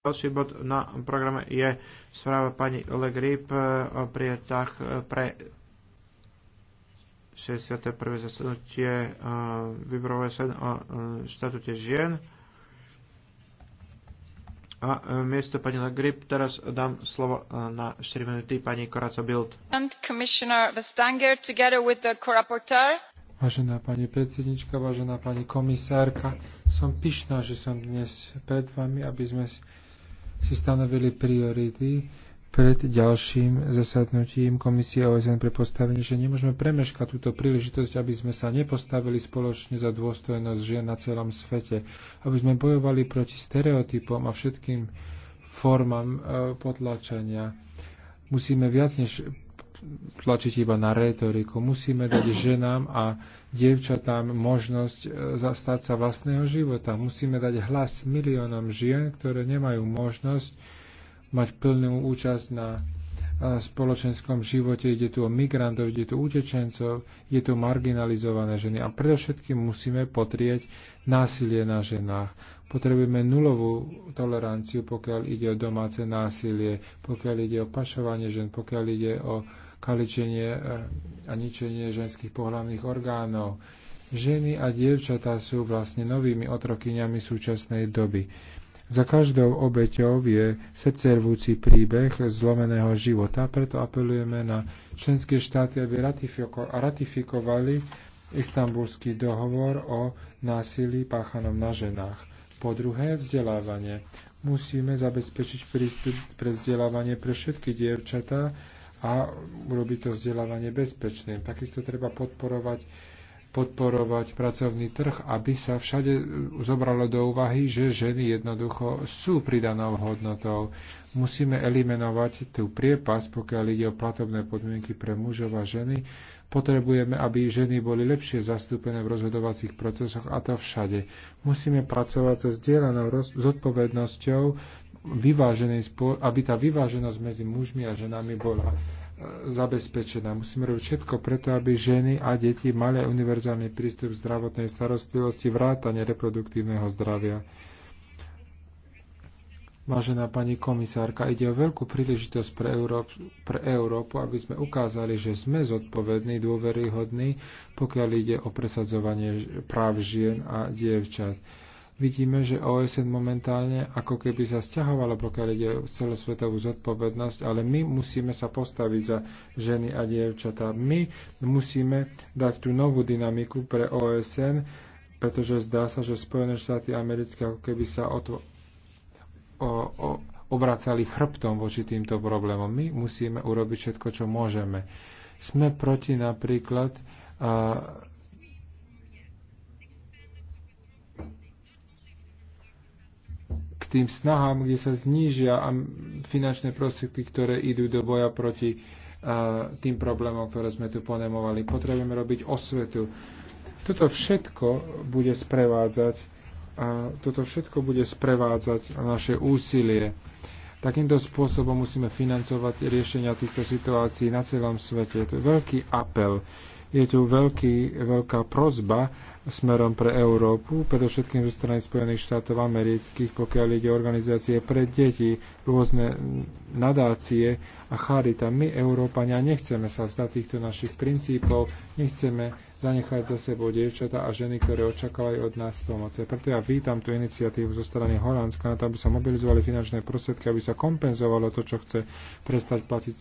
Ďalší bod na programe je správa pani Le Grip eh, o prietách eh, pre 61. zasadnutie eh, výboru OSN o štatute žien. A miesto pani Le Grip teraz dám slovo na 4 minúty pani Koraca Bild. Vážená pani predsednička, vážená pani komisárka, som pyšná, že som dnes pred vami, aby sme si stanovili priority pred ďalším zasadnutím Komisie OSN pre postavenie, že nemôžeme premeškať túto príležitosť, aby sme sa nepostavili spoločne za dôstojnosť žien na celom svete, aby sme bojovali proti stereotypom a všetkým formám eh, potlačania. Musíme viac než tlačiť iba na rétoriku. Musíme dať ženám a dievčatám možnosť e, zastať sa vlastného života. Musíme dať hlas miliónom žien, ktoré nemajú možnosť mať plnú účasť na e, spoločenskom živote, ide tu o migrantov, ide tu o utečencov, je tu marginalizované ženy. A predovšetkým musíme potrieť násilie na ženách. Potrebujeme nulovú toleranciu, pokiaľ ide o domáce násilie, pokiaľ ide o pašovanie žen, pokiaľ ide o kaličenie e, a ničenie ženských pohľavných orgánov. Ženy a dievčatá sú vlastne novými otrokyňami súčasnej doby. Za každou obeťou je srdcervúci príbeh zlomeného života, preto apelujeme na členské štáty, aby ratifikovali istambulský dohovor o násilí páchanom na ženách. Po druhé, vzdelávanie. Musíme zabezpečiť prístup pre vzdelávanie pre všetky dievčatá, a urobiť to vzdelávanie bezpečné. Takisto treba podporovať podporovať pracovný trh, aby sa všade zobralo do úvahy, že ženy jednoducho sú pridanou hodnotou. Musíme eliminovať tú priepas, pokiaľ ide o platobné podmienky pre mužov a ženy. Potrebujeme, aby ženy boli lepšie zastúpené v rozhodovacích procesoch a to všade. Musíme pracovať so zdieľanou zodpovednosťou vyváženej, aby tá vyváženosť medzi mužmi a ženami bola e, zabezpečená. Musíme robiť všetko preto, aby ženy a deti mali univerzálny prístup k zdravotnej starostlivosti, vrátane reproduktívneho zdravia. Vážená pani komisárka, ide o veľkú príležitosť pre, Európ- pre Európu, aby sme ukázali, že sme zodpovední, dôveryhodní, pokiaľ ide o presadzovanie práv žien a dievčat vidíme, že OSN momentálne ako keby sa stiahovalo, pokiaľ ide o celosvetovú zodpovednosť, ale my musíme sa postaviť za ženy a dievčatá. My musíme dať tú novú dynamiku pre OSN, pretože zdá sa, že Spojené štáty americké ako keby sa o to, o, o, obracali chrbtom voči týmto problémom. My musíme urobiť všetko, čo môžeme. Sme proti napríklad tým snahám, kde sa znížia finančné prostriedky, ktoré idú do boja proti e, tým problémom, ktoré sme tu ponemovali. Potrebujeme robiť osvetu. Toto všetko bude sprevádzať a toto všetko bude sprevádzať naše úsilie. Takýmto spôsobom musíme financovať riešenia týchto situácií na celom svete. To je veľký apel je tu veľký, veľká prozba smerom pre Európu, predovšetkým zo strany Spojených štátov amerických, pokiaľ ide o organizácie pre deti, rôzne nadácie a charita. My, Európania, nechceme sa vzdať týchto našich princípov, nechceme zanechať za sebou dievčatá a ženy, ktoré očakávajú od nás pomoc. Preto ja vítam tú iniciatívu zo strany Holandska na to, aby sa mobilizovali finančné prostriedky, aby sa kompenzovalo to, čo chce prestať platiť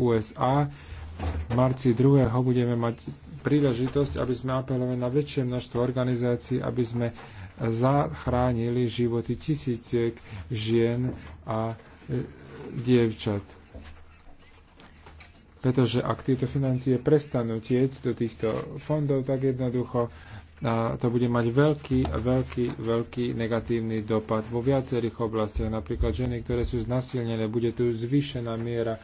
USA v marci 2. budeme mať príležitosť, aby sme apelovali na väčšie množstvo organizácií, aby sme zachránili životy tisíciek žien a e, dievčat. Pretože ak tieto financie prestanú tieť do týchto fondov, tak jednoducho a e, to bude mať veľký, veľký, veľký negatívny dopad vo viacerých oblastiach. Napríklad ženy, ktoré sú znasilnené, bude tu zvýšená miera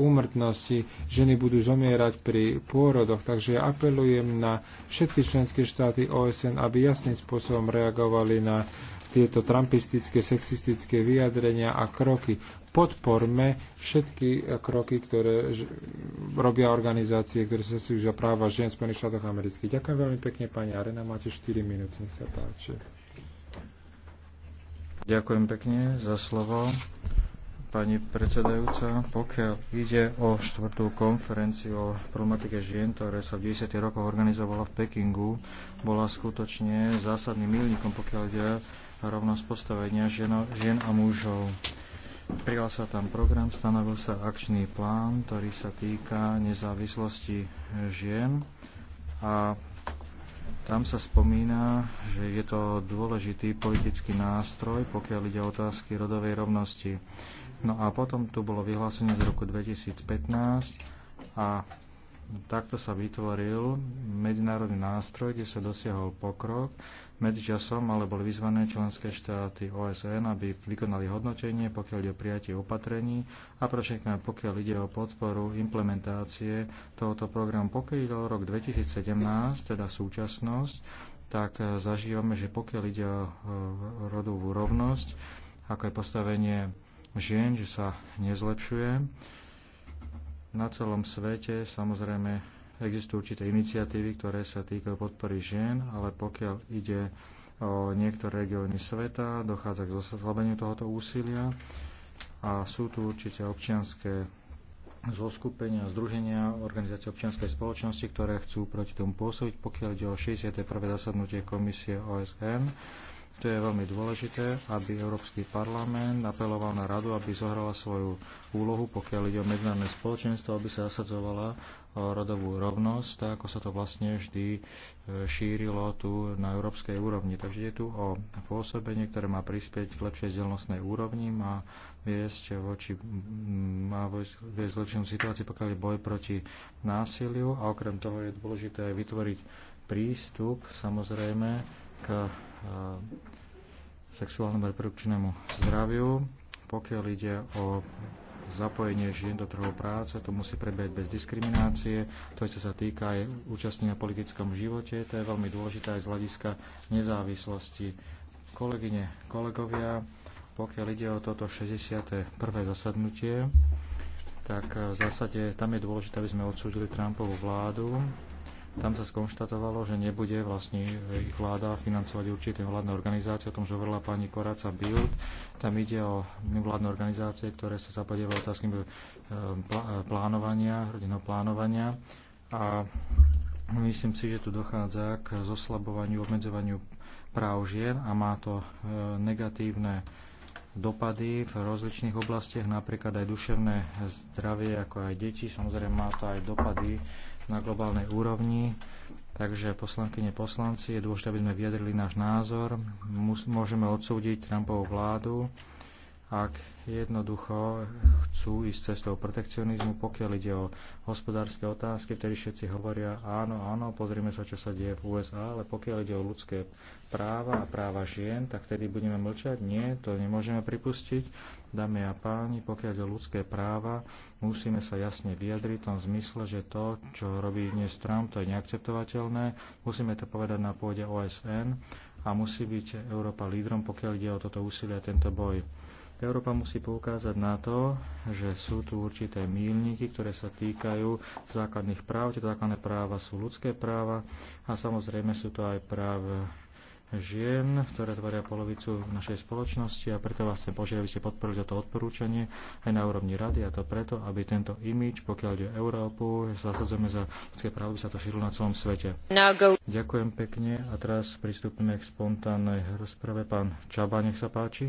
úmrtnosti. Ženy budú zomierať pri pôrodoch, takže ja apelujem na všetky členské štáty OSN, aby jasným spôsobom reagovali na tieto trampistické, sexistické vyjadrenia a kroky. Podporme všetky kroky, ktoré robia organizácie, ktoré sa si už práva žien Spojených štátoch amerických. Ďakujem veľmi pekne, pani Arena. Máte 4 minúty, nech sa páči. Ďakujem pekne za slovo pani predsedajúca. Pokiaľ ide o štvrtú konferenciu o problematike žien, ktoré sa v 10. rokoch organizovala v Pekingu, bola skutočne zásadným milníkom, pokiaľ ide o rovnosť postavenia žena, žien a mužov. Prijal sa tam program, stanovil sa akčný plán, ktorý sa týka nezávislosti žien a tam sa spomína, že je to dôležitý politický nástroj, pokiaľ ide o otázky rodovej rovnosti. No a potom tu bolo vyhlásenie z roku 2015 a takto sa vytvoril medzinárodný nástroj, kde sa dosiahol pokrok. Medzičasom ale boli vyzvané členské štáty OSN, aby vykonali hodnotenie, pokiaľ ide o prijatie opatrení a pre všetkým, pokiaľ ide o podporu implementácie tohoto programu. Pokiaľ ide o rok 2017, teda súčasnosť, tak zažívame, že pokiaľ ide o rodovú rovnosť, ako je postavenie žien, že sa nezlepšuje. Na celom svete samozrejme existujú určité iniciatívy, ktoré sa týkajú podpory žien, ale pokiaľ ide o niektoré regióny sveta, dochádza k zoslabeniu tohoto úsilia a sú tu určite občianské zoskupenia, združenia, organizácie občianskej spoločnosti, ktoré chcú proti tomu pôsobiť, pokiaľ ide o 61. zasadnutie komisie OSN to je veľmi dôležité, aby Európsky parlament apeloval na radu, aby zohrala svoju úlohu, pokiaľ ide o medzinárodné spoločenstvo, aby sa zasadzovala o rodovú rovnosť, tak ako sa to vlastne vždy e, šírilo tu na európskej úrovni. Takže je tu o pôsobenie, ktoré má prispieť k lepšej zdelnostnej úrovni, má viesť voči, má viesť lepšiu situácii, pokiaľ je boj proti násiliu a okrem toho je dôležité aj vytvoriť prístup, samozrejme, k e, sexuálnemu reprodukčnému zdraviu. Pokiaľ ide o zapojenie žien do trhu práce, to musí prebiehať bez diskriminácie. To, čo sa týka aj účastní na politickom živote, to je veľmi dôležité aj z hľadiska nezávislosti. Kolegyne, kolegovia, pokiaľ ide o toto 61. zasadnutie, tak e, v zásade tam je dôležité, aby sme odsúdili Trumpovú vládu, tam sa skonštatovalo, že nebude vlastne ich vláda financovať určité vládne organizácie, o tom, že hovorila pani Koráca Bild. Tam ide o vládne organizácie, ktoré sa zapadievajú otázky e, e, plánovania, rodinného plánovania. A myslím si, že tu dochádza k zoslabovaniu, obmedzovaniu práv žien a má to e, negatívne dopady v rozličných oblastiach, napríklad aj duševné zdravie, ako aj deti. Samozrejme má to aj dopady na globálnej úrovni. Takže poslankyne poslanci, je dôležité, aby sme vyjadrili náš názor. Môžeme odsúdiť Trumpovú vládu, ak jednoducho chcú ísť cestou protekcionizmu, pokiaľ ide o hospodárske otázky, vtedy všetci hovoria áno, áno, pozrime sa, čo sa deje v USA, ale pokiaľ ide o ľudské práva a práva žien, tak vtedy budeme mlčať? Nie, to nemôžeme pripustiť. Dámy a páni, pokiaľ ide o ľudské práva, musíme sa jasne vyjadriť v tom zmysle, že to, čo robí dnes Trump, to je neakceptovateľné. Musíme to povedať na pôde OSN a musí byť Európa lídrom, pokiaľ ide o toto úsilie a tento boj. Európa musí poukázať na to, že sú tu určité mílniky, ktoré sa týkajú základných práv. Tieto základné práva sú ľudské práva a samozrejme sú to aj práv žien, ktoré tvoria polovicu našej spoločnosti a preto vás chcem požiť, aby ste podporili toto odporúčanie aj na úrovni rady a to preto, aby tento imič, pokiaľ ide Európu, zasadzujeme za ľudské právo, by sa to šírilo na celom svete. No, Ďakujem pekne a teraz pristúpime k spontánnej rozprave. Pán Čaba, nech sa páči.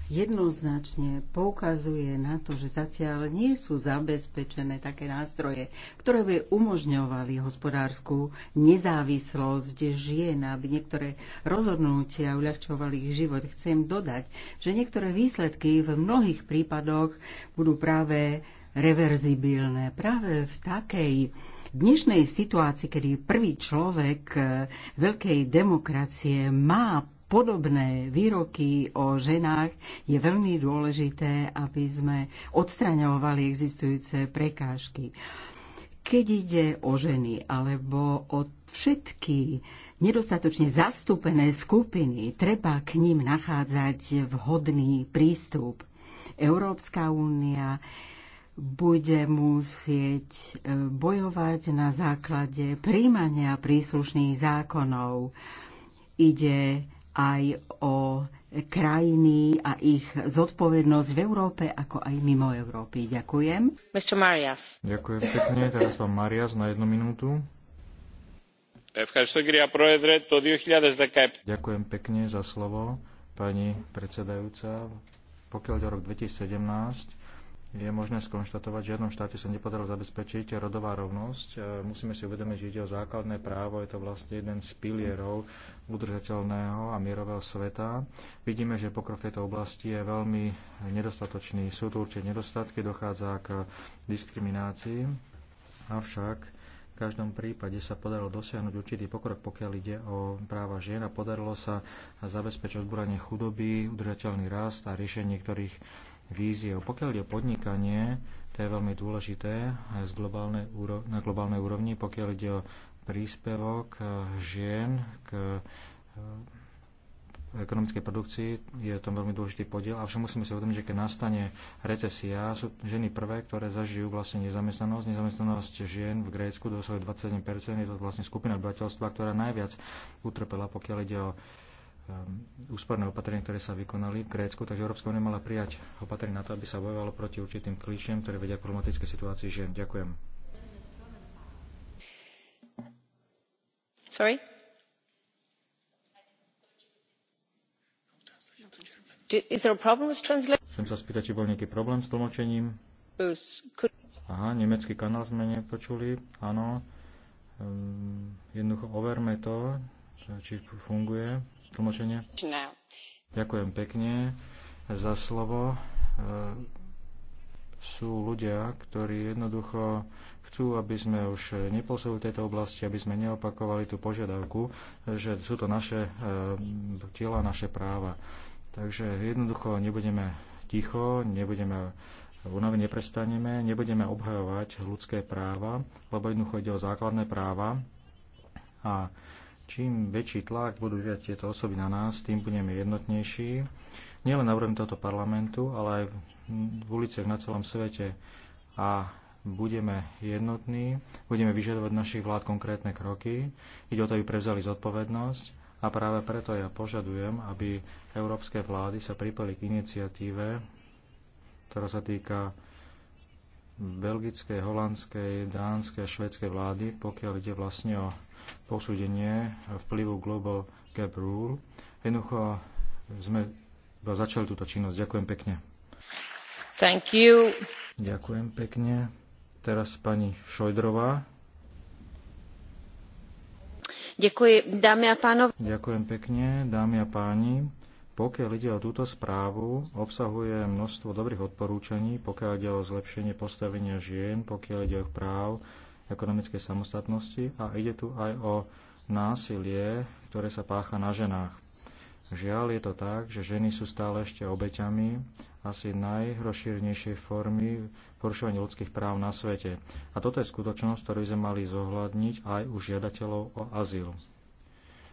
jednoznačne poukazuje na to, že zatiaľ nie sú zabezpečené také nástroje, ktoré by umožňovali hospodárskú nezávislosť žien, aby niektoré rozhodnutia uľahčovali ich život. Chcem dodať, že niektoré výsledky v mnohých prípadoch budú práve reverzibilné. Práve v takej dnešnej situácii, kedy prvý človek eh, veľkej demokracie má podobné výroky o ženách, je veľmi dôležité, aby sme odstraňovali existujúce prekážky. Keď ide o ženy alebo o všetky nedostatočne zastúpené skupiny, treba k ním nachádzať vhodný prístup. Európska únia bude musieť e, bojovať na základe príjmania príslušných zákonov. Ide aj o krajiny a ich zodpovednosť v Európe, ako aj mimo Európy. Ďakujem. Mr. Marias. Ďakujem pekne. Teraz pán Marias na jednu minútu. Ďakujem pekne za slovo, pani predsedajúca. Pokiaľ do rok 2017 je možné skonštatovať, že v žiadnom štáte sa nepodarilo zabezpečiť rodová rovnosť. E, musíme si uvedomiť, že ide o základné právo, je to vlastne jeden z pilierov udržateľného a mierového sveta. Vidíme, že pokrok v tejto oblasti je veľmi nedostatočný. Sú tu určite nedostatky, dochádza k diskriminácii. Avšak v každom prípade sa podarilo dosiahnuť určitý pokrok, pokiaľ ide o práva žien a podarilo sa zabezpečiť odbúranie chudoby, udržateľný rast a riešenie niektorých víziou. Pokiaľ ide o podnikanie, to je veľmi dôležité aj z globálnej, na globálnej úrovni, pokiaľ ide o príspevok eh, žien k eh, ekonomickej produkcii je tam veľmi dôležitý podiel, avšak musíme si uvedomiť, že keď nastane recesia, sú ženy prvé, ktoré zažijú vlastne nezamestnanosť. Nezamestnanosť žien v Grécku dosahuje 27%, je to vlastne skupina obyvateľstva, ktorá najviac utrpela, pokiaľ ide o Ehm, úsporné opatrenia, ktoré sa vykonali v Grécku, takže Európska únia mala prijať opatrenia na to, aby sa bojovalo proti určitým klíčom, ktoré vedia k problematické situácii žien. Ďakujem. Sorry? Is there a problem with translation? Chcem sa spýtať, či bol nejaký problém s tlmočením. Aha, nemecký kanál sme nepočuli, áno. Um, jednoducho overme to, či funguje tlmočenie. Ďakujem pekne za slovo. E, sú ľudia, ktorí jednoducho chcú, aby sme už nepôsobili v tejto oblasti, aby sme neopakovali tú požiadavku, že sú to naše e, tela, naše práva. Takže jednoducho nebudeme ticho, nebudeme unavy neprestaneme, nebudeme obhajovať ľudské práva, lebo jednoducho ide o základné práva a Čím väčší tlak budú vyvíjať tieto osoby na nás, tým budeme jednotnejší. Nielen na úrovni tohto parlamentu, ale aj v uliciach na celom svete. A budeme jednotní, budeme vyžadovať našich vlád konkrétne kroky. Ide o to, aby prevzali zodpovednosť a práve preto ja požadujem, aby európske vlády sa pripali k iniciatíve, ktorá sa týka belgickej, holandskej, dánskej a švedskej vlády, pokiaľ ide vlastne o posúdenie vplyvu Global Gap Rule. Jednoducho sme začali túto činnosť. Ďakujem pekne. Thank you. Ďakujem pekne. Teraz pani Šojdrová. Ďakujem, dámy a pánov. Ďakujem pekne, dámy a páni pokiaľ ide o túto správu, obsahuje množstvo dobrých odporúčaní, pokiaľ ide o zlepšenie postavenia žien, pokiaľ ide o práv ekonomickej samostatnosti a ide tu aj o násilie, ktoré sa pácha na ženách. Žiaľ je to tak, že ženy sú stále ešte obeťami asi najrozšírnejšej formy porušovania ľudských práv na svete. A toto je skutočnosť, ktorú sme mali zohľadniť aj u žiadateľov o azyl.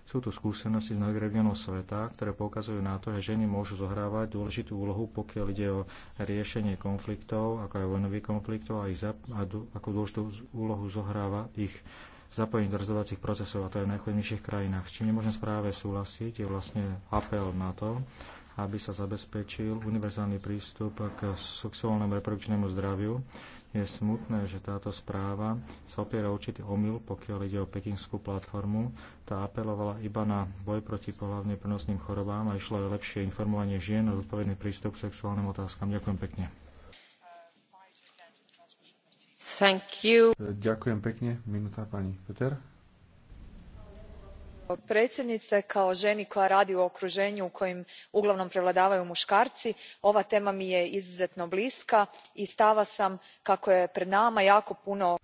Sú tu skúsenosti z nadregionov sveta, ktoré poukazujú na to, že ženy môžu zohrávať dôležitú úlohu, pokiaľ ide o riešenie konfliktov, ako aj vojnových konfliktov, a, ich zap- a d- ako dôležitú úlohu zohráva ich zapojení do rozhodovacích procesov, a to je v najchudnejších krajinách. S čím nemôžem správe súhlasiť, je vlastne apel na to, aby sa zabezpečil univerzálny prístup k sexuálnemu reprodukčnému zdraviu je smutné, že táto správa sa opiera určitý omyl, pokiaľ ide o pekinskú platformu. Tá apelovala iba na boj proti pohľavne prenosným chorobám a išlo aj lepšie informovanie žien a zodpovedný prístup k sexuálnym otázkam. Ďakujem pekne. Ďakujem pekne. Minúta pani Peter gospođo predsjednice kao ženi koja radi u okruženju u kojem uglavnom prevladavaju muškarci ova tema mi je izuzetno bliska i stava sam kako je pred nama jako puno.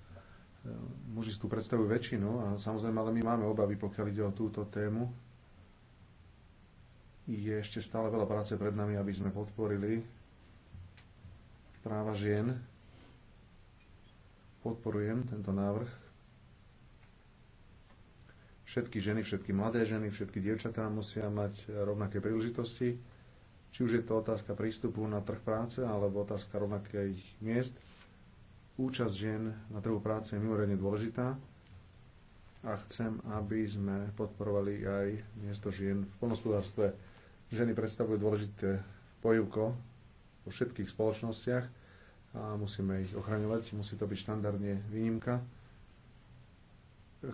muži tu predstavujú većinu, a samozrejme ale my máme obavy pokiaľ ide o túto tému. Je ešte stále veľa práce pred nami, aby sme podporili práva žien. Podporujem tento návrh všetky ženy, všetky mladé ženy, všetky dievčatá musia mať e, rovnaké príležitosti. Či už je to otázka prístupu na trh práce, alebo otázka rovnakých miest. Účasť žien na trhu práce je mimoriadne dôležitá a chcem, aby sme podporovali aj miesto žien v polnospodárstve. Ženy predstavujú dôležité pojivko vo všetkých spoločnostiach a musíme ich ochraňovať. Musí to byť štandardne výnimka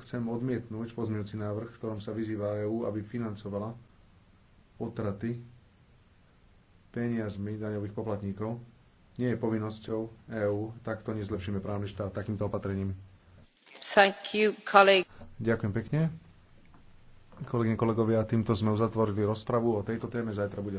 chcem odmietnúť pozmeňujúci návrh, v ktorom sa vyzýva EÚ, aby financovala potraty peniazmi daňových poplatníkov. Nie je povinnosťou EÚ, takto nezlepšíme právny štát takýmto opatrením. Thank you, Ďakujem pekne. Kolegyne, kolegovia, týmto sme uzatvorili rozpravu. O tejto téme zajtra bude hlasovať.